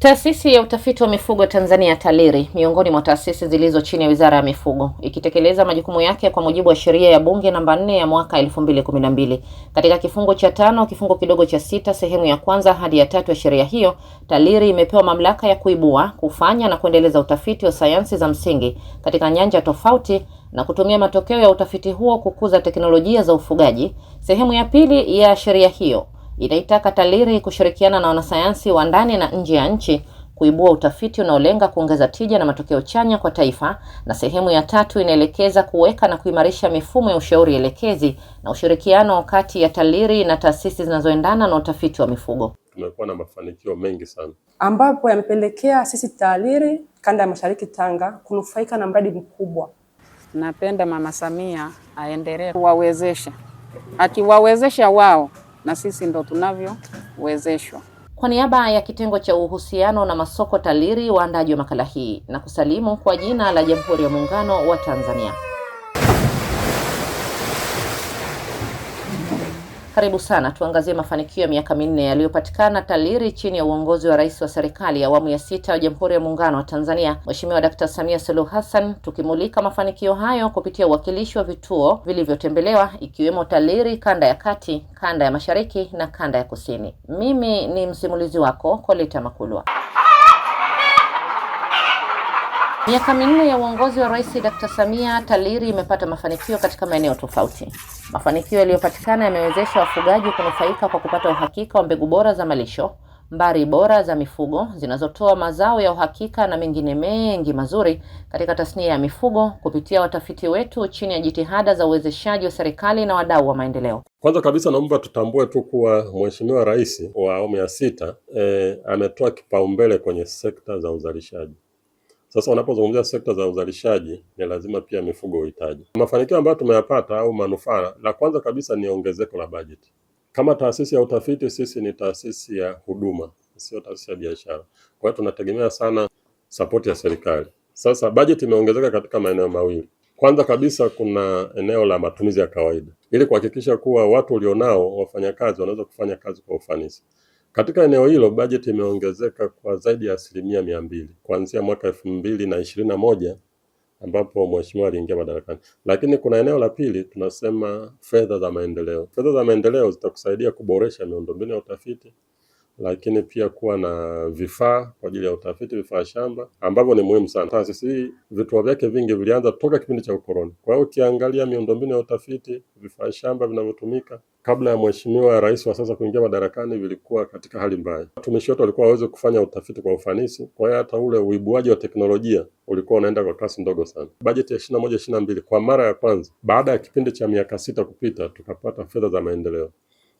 Taasisi ya Utafiti wa Mifugo Tanzania TALIRI miongoni mwa taasisi zilizo chini ya Wizara ya Mifugo ikitekeleza majukumu yake kwa mujibu wa sheria ya Bunge namba 4 ya mwaka 2012. Katika kifungu cha tano kifungu kidogo cha sita sehemu ya kwanza hadi ya tatu ya sheria hiyo, TALIRI imepewa mamlaka ya kuibua, kufanya na kuendeleza utafiti wa sayansi za msingi katika nyanja tofauti na kutumia matokeo ya utafiti huo kukuza teknolojia za ufugaji. Sehemu ya pili ya sheria hiyo inaitaka TALIRI kushirikiana na wanasayansi wa ndani na nje ya nchi kuibua utafiti unaolenga kuongeza tija na matokeo chanya kwa taifa, na sehemu ya tatu inaelekeza kuweka na kuimarisha mifumo ya ushauri elekezi na ushirikiano kati ya TALIRI na taasisi zinazoendana na utafiti wa mifugo. Tumekuwa na mafanikio mengi sana ambapo yamepelekea sisi TALIRI kanda ya Mashariki Tanga kunufaika na mradi mkubwa. Napenda Mama Samia aendelee kuwawezesha, akiwawezesha wao na sisi ndo tunavyowezeshwa. Kwa niaba ya kitengo cha uhusiano na masoko TALIRI, waandaji wa makala hii na kusalimu kwa jina la Jamhuri ya Muungano wa Tanzania. Karibu sana, tuangazie mafanikio ya miaka minne yaliyopatikana TALIRI chini ya uongozi wa Rais wa serikali ya awamu ya sita ya Jamhuri ya Muungano wa Tanzania, Mheshimiwa Dkt. Samia Suluhu Hassan, tukimulika mafanikio hayo kupitia uwakilishi wa vituo vilivyotembelewa ikiwemo TALIRI kanda ya kati, kanda ya mashariki na kanda ya kusini. Mimi ni msimulizi wako Koleta Makulwa. Miaka minne ya uongozi wa Rais Dr. Samia, TALIRI imepata mafanikio katika maeneo tofauti. Mafanikio yaliyopatikana yamewezesha wafugaji kunufaika kwa kupata uhakika wa mbegu bora za malisho, mbari bora za mifugo zinazotoa mazao ya uhakika na mengine mengi mazuri katika tasnia ya mifugo kupitia watafiti wetu chini ya jitihada za uwezeshaji wa serikali na wadau wa maendeleo. Kwanza kabisa naomba tutambue tu kuwa Mheshimiwa Rais wa awamu ya sita e, ametoa kipaumbele kwenye sekta za uzalishaji sasa unapozungumzia sekta za uzalishaji ni lazima pia mifugo uhitaji. Mafanikio ambayo tumeyapata au manufaa, la kwanza kabisa ni ongezeko la bajeti. Kama taasisi ya utafiti, sisi ni taasisi ya huduma, sio taasisi ya biashara, kwa hiyo tunategemea sana sapoti ya serikali. Sasa bajeti imeongezeka katika maeneo mawili. Kwanza kabisa, kuna eneo la matumizi ya kawaida, ili kuhakikisha kuwa watu ulionao, wafanyakazi, wanaweza kufanya kazi kwa ufanisi. Katika eneo hilo bajeti imeongezeka kwa zaidi ya asilimia mia mbili kuanzia mwaka elfu mbili na ishirini na moja ambapo mheshimiwa aliingia madarakani. Lakini kuna eneo la pili tunasema fedha za maendeleo. Fedha za maendeleo zitakusaidia kuboresha miundombinu ya utafiti lakini pia kuwa na vifaa kwa ajili ya utafiti, vifaa shamba ambavyo ni muhimu sana. Taasisi hii vituo vyake vingi vilianza toka kipindi cha ukoloni. Kwa hiyo ukiangalia miundombinu ya utafiti, vifaa shamba vinavyotumika kabla ya mheshimiwa rais wa sasa kuingia madarakani vilikuwa katika hali mbaya. Watumishi wote walikuwa waweze kufanya utafiti kwa ufanisi, kwa hiyo hata ule uibuaji wa teknolojia ulikuwa unaenda kwa kasi ndogo sana. Bajeti ya ishirini na moja ishirini na mbili kwa mara ya kwanza baada ya kipindi cha miaka sita kupita tukapata fedha za maendeleo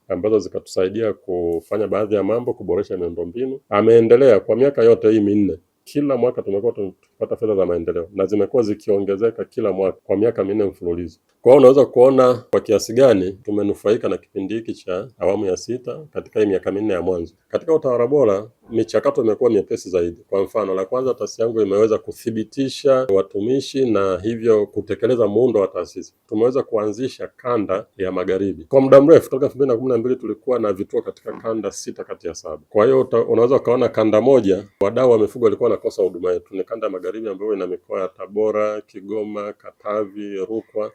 ambazo zikatusaidia kufanya baadhi ya mambo, kuboresha miundombinu. Ameendelea kwa miaka yote hii minne, kila mwaka tumekuwa kupata fedha za maendeleo na zimekuwa zikiongezeka kila mwaka kwa miaka minne mfululizo. Kwa hiyo unaweza kuona kwa kiasi gani tumenufaika na kipindi hiki cha awamu ya sita katika hii miaka minne ya mwanzo. Katika utawala bora michakato imekuwa miepesi zaidi. Kwa mfano, la kwanza, taasisi yangu imeweza kuthibitisha watumishi na hivyo kutekeleza muundo wa taasisi. Tumeweza kuanzisha kanda ya magharibi. Kwa muda mrefu toka elfu mbili na kumi na mbili tulikuwa na vituo katika kanda sita kati ya saba. Kwa hiyo unaweza ukaona kanda moja wadau wa mifugo walikuwa wanakosa huduma yetu, ni kanda ya magharibi magharibi ambayo ina mikoa ya Tabora, Kigoma, Katavi, Rukwa.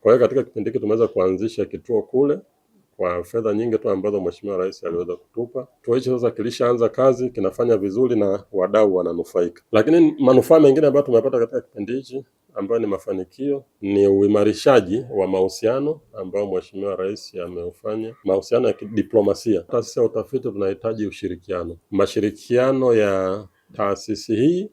Kwa hiyo katika kipindi hiki tumeweza kuanzisha kituo kule kwa fedha nyingi tu ambazo Mheshimiwa Rais aliweza kutupa. Kituo hicho sasa kilishaanza kazi, kinafanya vizuri na wadau wananufaika. Lakini manufaa mengine ambayo tumepata katika kipindi hichi ambayo ni mafanikio ni uimarishaji wa mahusiano ambao Mheshimiwa Rais ameufanya, mahusiano ya kidiplomasia. Taasisi ya utafiti tunahitaji ushirikiano, mashirikiano ya taasisi hii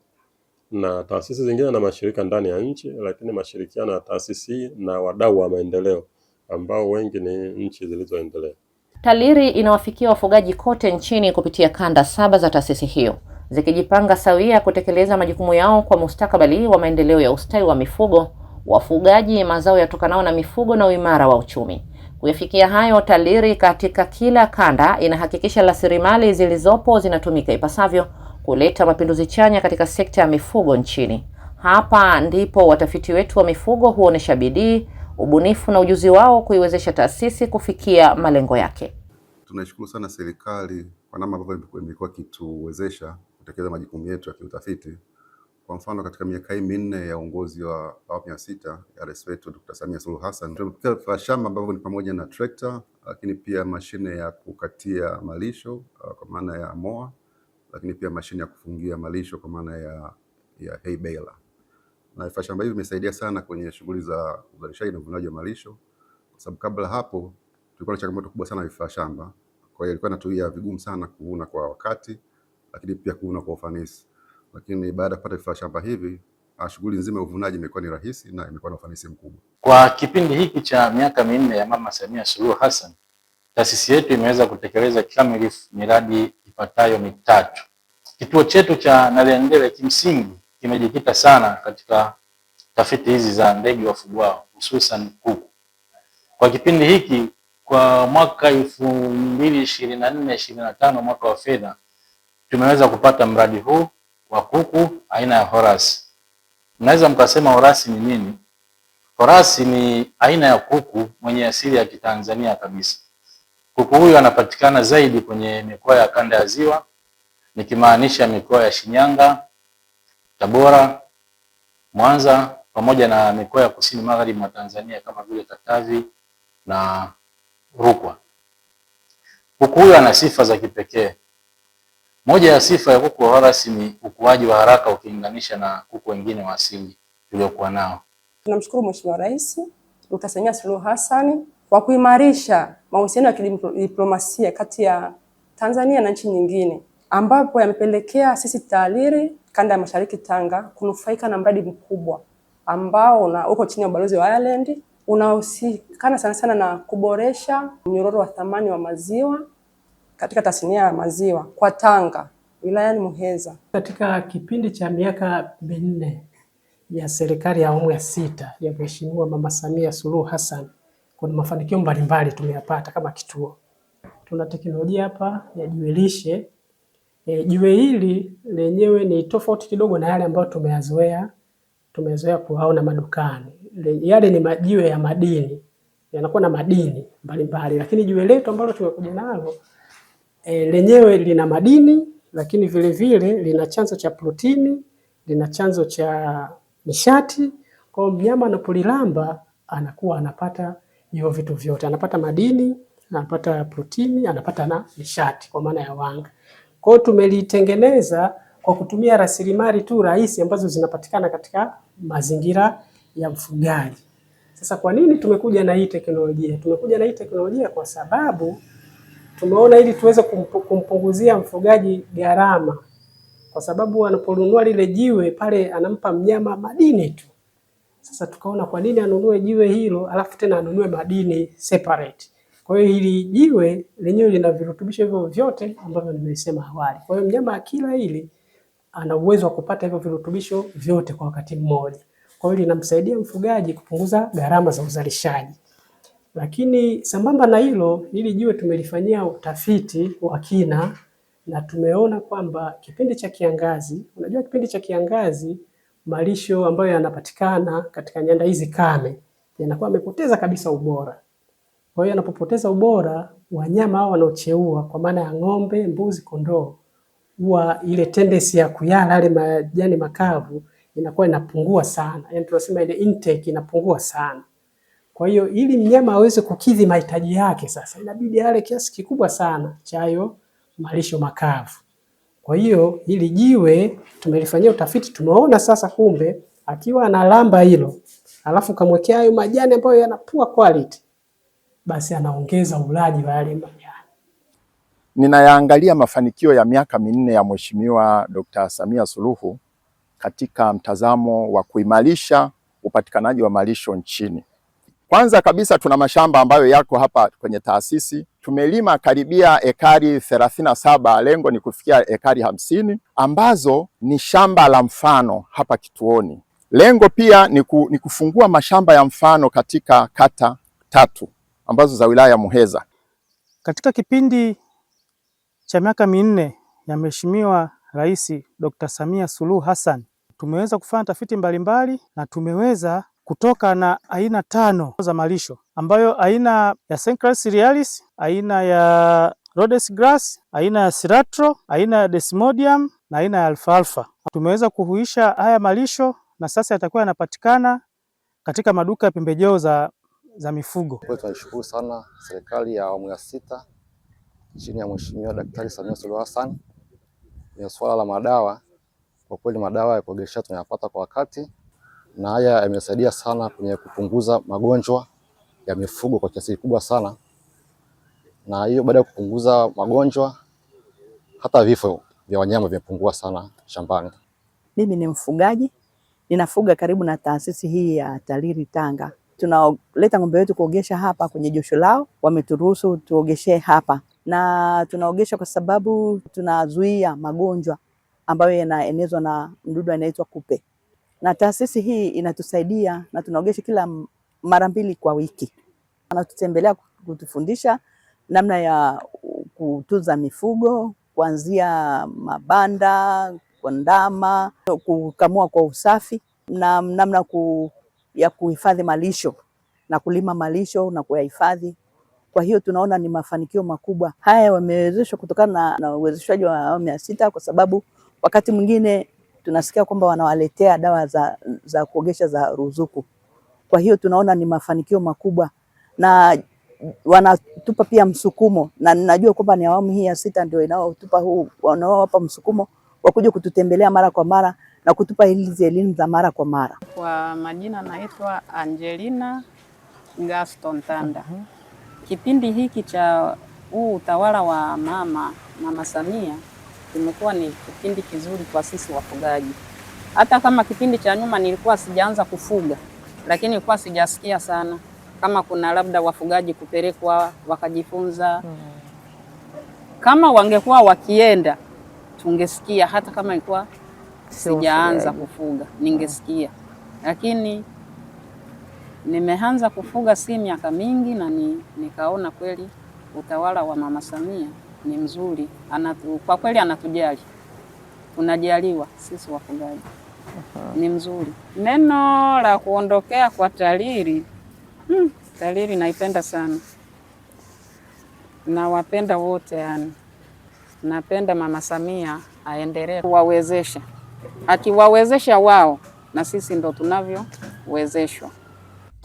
na taasisi zingine na mashirika ndani ya nchi, lakini mashirikiano ya taasisi na wadau wa maendeleo ambao wengi ni nchi zilizoendelea. TALIRI inawafikia wafugaji kote nchini kupitia kanda saba za taasisi hiyo zikijipanga sawia kutekeleza majukumu yao kwa mustakabali wa maendeleo ya ustawi wa mifugo, wafugaji, mazao yatokanao na mifugo na uimara wa uchumi. Kuyafikia hayo, TALIRI katika kila kanda inahakikisha rasilimali zilizopo zinatumika ipasavyo kuleta mapinduzi chanya katika sekta ya mifugo nchini. Hapa ndipo watafiti wetu wa mifugo huonesha bidii, ubunifu na ujuzi wao kuiwezesha taasisi kufikia malengo yake. Tunashukuru sana serikali kwa namna ambavyo imekuwa ikituwezesha kutekeleza majukumu yetu ya kiutafiti. Kwa mfano, katika miaka hii minne ya uongozi wa awamu ya sita ya Rais wetu Dr. Samia Suluhu Hassan tumepokea vifaa shamba ambavyo ni pamoja na trekta, lakini pia mashine ya kukatia malisho uh, kwa maana ya moa lakini pia mashine ya kufungia malisho kwa maana ya, ya hay baler. Na vifaa shamba hivi vimesaidia sana kwenye shughuli za uzalishaji na uvunaji wa malisho, kwa sababu kabla hapo tulikuwa na changamoto kubwa sana ya vifaa shamba. Kwa hiyo ilikuwa inatuia vigumu sana kuvuna kwa wakati, lakini pia kuvuna kwa ufanisi. Lakini baada ya kupata vifaa shamba hivi ah, shughuli nzima ya uvunaji imekuwa ni rahisi na imekuwa na ufanisi mkubwa. Kwa kipindi hiki cha miaka minne ya Mama Samia Suluhu Hassan Taasisi yetu imeweza kutekeleza kikamilifu miradi ipatayo mitatu. Kituo chetu cha Naliendele kimsingi kimejikita sana katika tafiti hizi za ndege wafugwao hususan kuku. Kwa kipindi hiki kwa mwaka elfu mbili ishirini na nne ishirini na tano mwaka wa fedha tumeweza kupata mradi huu wa kuku aina ya Horasi. Mnaweza mkasema Horasi ni nini? Horasi ni aina ya kuku mwenye asili ya Kitanzania kabisa. Kuku huyu anapatikana zaidi kwenye mikoa ya kanda ya Ziwa, nikimaanisha mikoa ya Shinyanga, Tabora, Mwanza pamoja na mikoa ya kusini magharibi mwa Tanzania kama vile Katavi na Rukwa. Kuku huyu ana sifa za kipekee. Moja ya sifa ya kuku wa Wallace ni ukuaji wa haraka ukilinganisha na kuku wengine wa asili tuliokuwa nao. Tunamshukuru Mheshimiwa Rais Dr. Samia Suluhu Hassan kwa kuimarisha mahusiano ya kidiplomasia kati ya Tanzania na nchi nyingine, ambapo yamepelekea sisi taaliri kanda ya mashariki Tanga kunufaika na mradi mkubwa ambao una uko chini ya ubalozi wa Ireland unahusikana sana sana na kuboresha mnyororo wa thamani wa maziwa katika tasnia ya maziwa kwa Tanga wilayani Muheza. Katika kipindi cha miaka minne ya serikali ya awamu ya sita ya Mheshimiwa Mama Samia Suluhu Hassan kuna mafanikio mbalimbali tumeyapata kama kituo. Tuna teknolojia hapa ya jiwe lishe. E, jiwe hili lenyewe ni tofauti kidogo na yale ambayo tumeyazoea tumezoea kuwaona madukani. Yale ni majiwe ya madini, yanakuwa na madini mbalimbali, lakini jiwe letu ambalo tumekuja nalo e, lenyewe lina madini, lakini vile vile lina chanzo cha protini, lina chanzo cha nishati. Kwa mnyama anapolilamba anakuwa anapata hiyo vitu vyote, anapata madini, anapata protini, anapata na nishati kwa maana ya wanga. Kwa hiyo tumelitengeneza kwa kutumia rasilimali tu rahisi ambazo zinapatikana katika mazingira ya mfugaji. Sasa kwa nini tumekuja na hii teknolojia? Tumekuja na hii teknolojia kwa sababu tumeona ili tuweze kumpunguzia mfugaji gharama, kwa sababu anaponunua lile jiwe pale anampa mnyama madini tu, sasa tukaona kwa nini anunue jiwe hilo alafu tena anunue madini separate. Kwa hiyo hili jiwe lenyewe lina virutubisho hivyo vyote ambavyo nimesema awali. Kwa hiyo mnyama akila hili ana uwezo wa kupata hivyo virutubisho vyote kwa wakati mmoja. Kwa hiyo linamsaidia mfugaji kupunguza gharama za uzalishaji. Lakini sambamba na hilo, hili jiwe tumelifanyia utafiti wa kina na tumeona kwamba kipindi cha kiangazi, unajua kipindi cha kiangazi malisho ambayo yanapatikana katika nyanda hizi kame yanakuwa yamepoteza kabisa ubora. Kwa hiyo yanapopoteza ubora, wanyama hao wanaocheua kwa maana ya ng'ombe, mbuzi, kondoo, huwa ile tendency ya kuyala yale majani makavu inakuwa inapungua sana, yani tunasema ile intake inapungua sana. Kwa hiyo ili mnyama aweze kukidhi mahitaji yake, sasa inabidi ale kiasi kikubwa sana cha hayo malisho makavu. Kwa hiyo hili jiwe tumelifanyia utafiti, tumeona sasa kumbe akiwa analamba hilo alafu kamwekea hayo majani ambayo yana poor quality, basi anaongeza ulaji wa yale majani. Ninayaangalia mafanikio ya miaka minne ya Mheshimiwa Dkt. Samia Suluhu katika mtazamo wa kuimarisha upatikanaji wa malisho nchini. Kwanza kabisa tuna mashamba ambayo yako hapa kwenye taasisi. Tumelima karibia ekari thelathini na saba, lengo ni kufikia ekari hamsini ambazo ni shamba la mfano hapa kituoni. Lengo pia ni, ku, ni kufungua mashamba ya mfano katika kata tatu ambazo za wilaya ya Muheza. Katika kipindi cha miaka minne ya Mheshimiwa Rais Dr. Samia Suluhu Hassan tumeweza kufanya tafiti mbalimbali na tumeweza kutoka na aina tano za malisho ambayo aina ya Cenchrus cerealis, aina ya Rhodes grass, aina ya Cilantro, aina ya Desmodium na aina ya alfalfa. Tumeweza kuhuisha haya malisho na sasa yatakuwa yanapatikana katika maduka ya pembejeo za, za mifugo. Tunashukuru sana serikali ya awamu ya sita chini ya Mheshimiwa Daktari Samia Suluhu Hassan kwenye suala la madawa. Kwa kweli madawa ya kuogesha tunayapata kwa wakati na haya yamesaidia sana kwenye kupunguza magonjwa ya mifugo kwa kiasi kikubwa sana, na hiyo baada ya kupunguza magonjwa, hata vifo vya wanyama vimepungua sana shambani. Mimi ni mfugaji, ninafuga karibu na taasisi hii ya TALIRI Tanga. Tunaleta ng'ombe wetu kuogesha hapa kwenye josho lao, wameturuhusu tuogeshe hapa, na tunaogesha kwa sababu tunazuia magonjwa ambayo yanaenezwa na mdudu anaitwa kupe na taasisi hii inatusaidia na tunaogesha kila mara mbili kwa wiki. wanatutembelea kutufundisha namna ya kutunza mifugo kuanzia mabanda, ndama, kukamua kwa usafi na namna ku, ya kuhifadhi malisho na kulima malisho na kuyahifadhi. Kwa hiyo tunaona ni mafanikio makubwa haya wamewezeshwa kutokana na uwezeshwaji wa awamu ya sita, kwa sababu wakati mwingine tunasikia kwamba wanawaletea dawa za, za kuogesha za ruzuku. Kwa hiyo tunaona ni mafanikio makubwa na wanatupa pia msukumo, na najua kwamba ni awamu hii ya sita ndio inaotupa huu, wanaowapa msukumo wa kuja kututembelea mara kwa mara na kutupa hizi elimu za mara kwa mara. Kwa majina naitwa Angelina Gaston Tanda. Mhm. Kipindi hiki cha huu utawala wa mama Mama Samia kimekuwa ni kipindi kizuri kwa sisi wafugaji. Hata kama kipindi cha nyuma nilikuwa sijaanza kufuga, lakini nilikuwa sijasikia sana kama kuna labda wafugaji kupelekwa wakajifunza -hmm. Kama wangekuwa wakienda tungesikia, hata kama ilikuwa sijaanza kufuga ningesikia, hmm. lakini nimeanza kufuga si miaka mingi, na ni, nikaona kweli utawala wa Mama Samia ni mzuri anatu, kwa kweli anatujali, tunajaliwa sisi wafugaji. Ni mzuri. Neno la kuondokea kwa TALIRI hmm, TALIRI naipenda sana, nawapenda wote yani, napenda Mama Samia aendelee kuwawezesha, akiwawezesha wao na sisi ndo tunavyowezeshwa.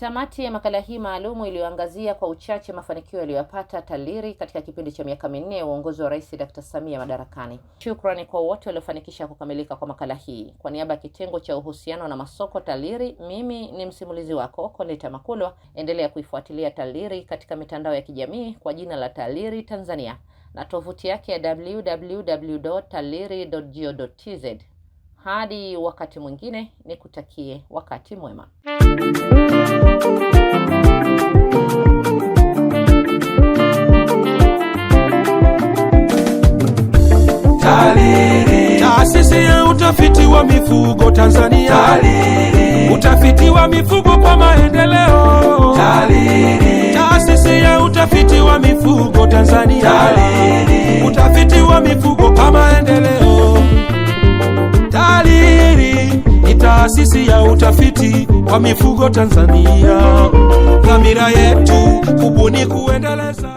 Tamati ya makala hii maalumu iliyoangazia kwa uchache mafanikio yaliyoyapata TALIRI katika kipindi cha miaka minne ya uongozi wa Rais Dr. Samia madarakani. Shukrani kwa wote waliofanikisha kukamilika kwa makala hii. Kwa niaba ya kitengo cha uhusiano na masoko TALIRI, mimi ni msimulizi wako Koleta Makulwa. Endelea kuifuatilia TALIRI katika mitandao ya kijamii kwa jina la TALIRI Tanzania na tovuti yake ya www.taliri.go.tz. Hadi wakati mwingine, nikutakie wakati mwema. Taasisi ya Utafiti wa Mifugo Tanzania Utafiti wa mifugo kwa maendeleo TALIRI Taasisi ya Utafiti wa Mifugo Tanzania Utafiti wa mifugo kwa maendeleo Taasisi ya Utafiti wa Mifugo Tanzania. Dhamira yetu kubuni kuendeleza